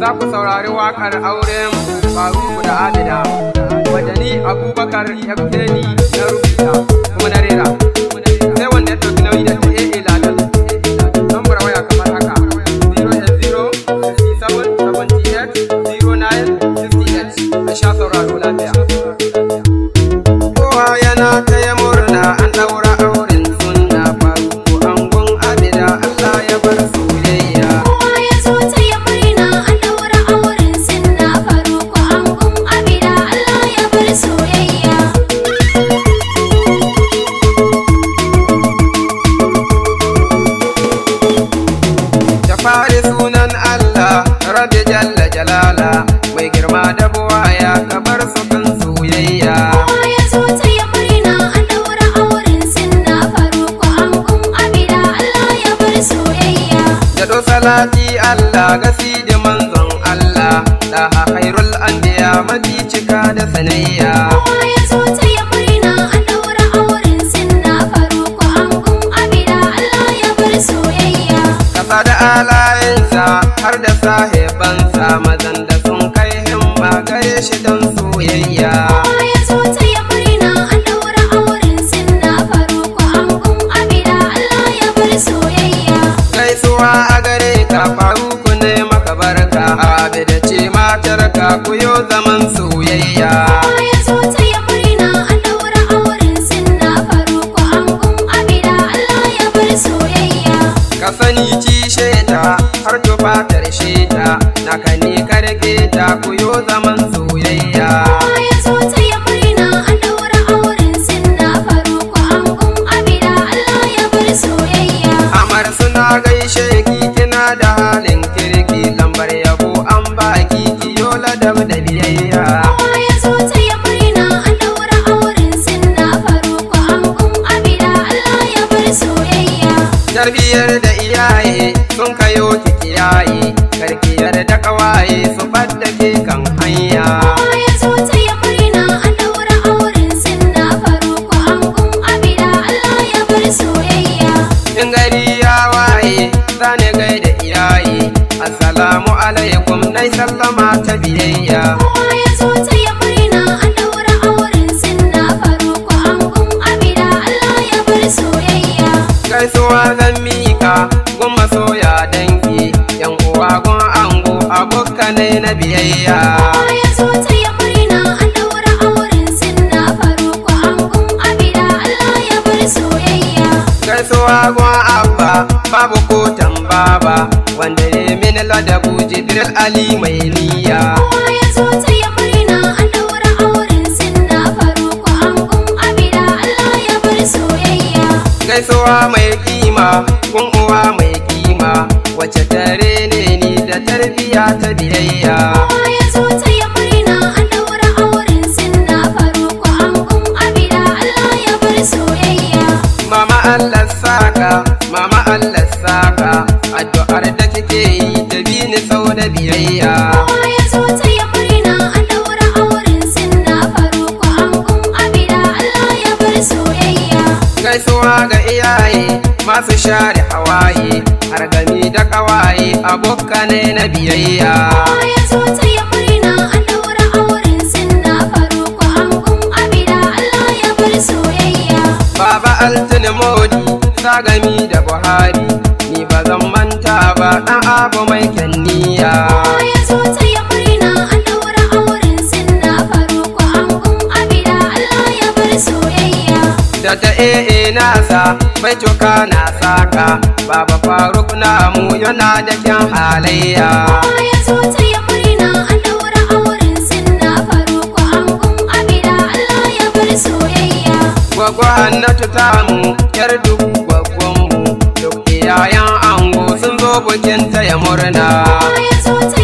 za ku saurari waƙar auren faruku da adida wadda ni abubakar yafteni na rubuta kuma na rera sai wanda ya ɗauki nauyi da ta ee ladan lambar waya kamar haka 0 0 67 78 09 68 a sha saurari ga sidi manzon Allah da hairul anbiya mafi cika da sanayya kowa ya zo ta ya murna an daura auren sinna faruku angun abida Allah ya bar soyayya kasa da alayensa har da sahibansa mazan da sun kai himma gare shi don soyayya soyayya gaisuwa a gare ka faru Rabi da ce matar ka kuyo zaman soyayya. ya zo ta yi murna an daura auren sinna faruku an kun abida Allah ya bar soyayya. Ka sani kishe har tufatar shi ta na ka ne karke ta kuyo zaman karki yarda kawaye su fadda ke kan hanya ya zo ta yi murna an daura auren sinna faruku an kun abida Allah ya bar soyayya in gari ya waye zane gaida iyaye Asalamu alaikum nai sallama ta biyayya sai na biyayya ya zo tsaye murna an daura auren sinna faruku angun abida Allah ya bar soyayya gaisuwa gwan abba babu ko tambaba wanda ya min ladabu jibril ali mai niyya ya zo tsaye murna an daura auren sinna faruku angun abida Allah ya bar soyayya gaisuwa mai ƙima, kun uwa mai ƙima, wace ta tarbiya ta biyayya kowa ya ta ya murna an daura auren sinna faruku an kun abida Allah ya bar soyayya mama Allah saka mama Allah saka addu'ar da yi ta bi ni sau da biyayya kowa ya zo ta ya murna an daura auren sinna faruku an kun abida Allah ya bar soyayya gaisuwa ga iyaye masu share hawaye har da ƙawaye a abokanai na biyayya Al-Tilmodi za Sagami da Buhari ni ba zan manta ba ɗan abu mai kyanniya. ya zo ta yi murna an daura auren sinna faruku hankun abida Allah ya bar soyayya. Da ta e'e nasa mai coka na saka baba faruk na mu yana da kyan halayya ya zo tsaye murna an daura auren sinna faruk angon abida allah ya bar soyayya gwagwa annatu ta mu yar dubu gwaggon mu duk iyayen ango sun zo bukin taya murna ya zo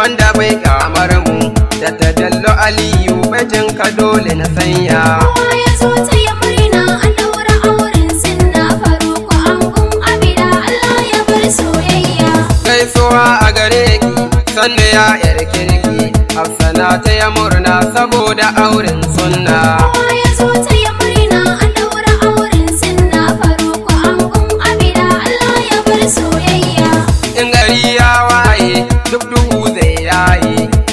wanda bai kamar mu da ta dallo aliyu bajin ka dole na sanya kowa ya zo tsaye murna an daura auren sinna faruku an kun abida allah ya bar soyayya gaisuwa a gareki, sanda sanne ya yar kirki hafsana ta ya murna saboda auren sunna kowa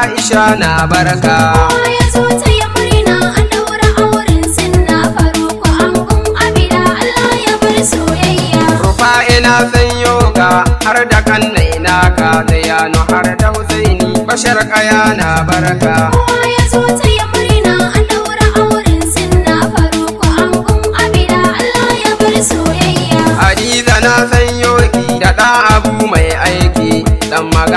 Aisha na barka. san yoga har da kan naka da yano har da husaini bashar kaya na baraka. Kowa ya zo ta yi murna an daura auren sinna faruku an gun abida Allah ya bar soyayya. Hadiza na san yogi da da'a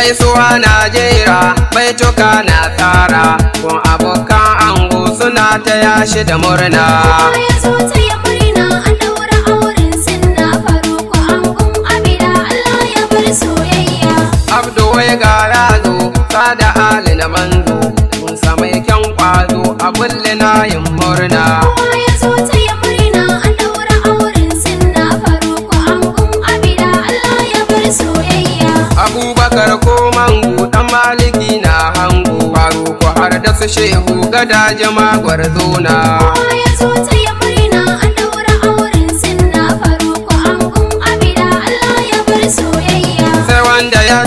gaisuwa najera mai tuka na tsara kun abokan ango suna ta yashi da murna Abduwai ga yazo, sada Ali na manzo, kun samai kyan a kulle layin murna. gada jama na. Kowa ya zo daura ya bar Sai wanda ya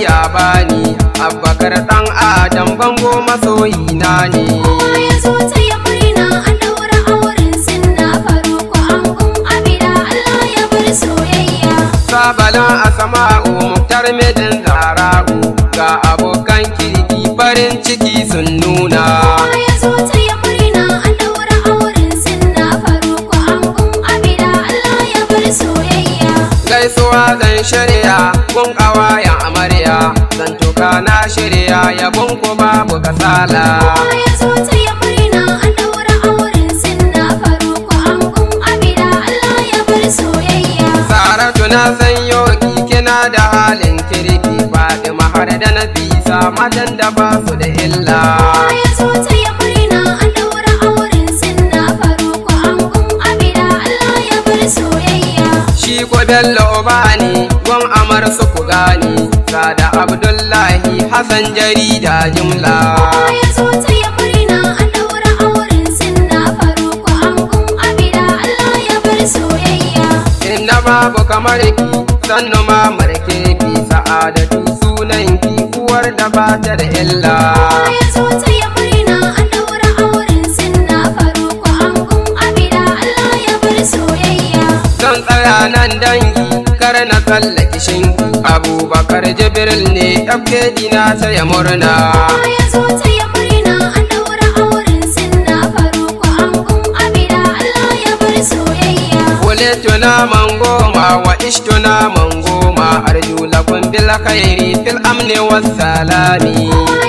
ya bani ɗan adam bango masoyi ne. Kowa ya zo taya murna an daura auren sinna farko abida Allah ya bar soyayya. a sama'u muktar mai ciki sun nuna Gaisuwa zan shirya kun ƙawaya amarya zan tuka na shirya yabon ku babu kasala. ya zo ta yi murna an daura auren sinna faru ku an kun amina Allah ya bar soyayya. Saratu na san kina da halin kirki Fatima har da na fi ga matan da ba su da illa Shi ko Bello Obani, gwam amar su ku gani, Sada Abdullahi Hassan jarida jimla. Ya zo ta yi murna an daura auren sinna faru ku an abida Allah ya bar soyayya. Inna babu kamar ki, sannu ma marke ki sa'adatu sunan ki uwar da ba ta da illa ya zo ta yi murna an daura auren sinna faruku angun abida Allah ya bar soyayya zan tsaya nan dangi kar na tsallaki shinki abubakar jibril ne ɗauke dina ta ya murna ya tuna man goma wa ishtuna man goma arju lakum bil khairi fil amni was salami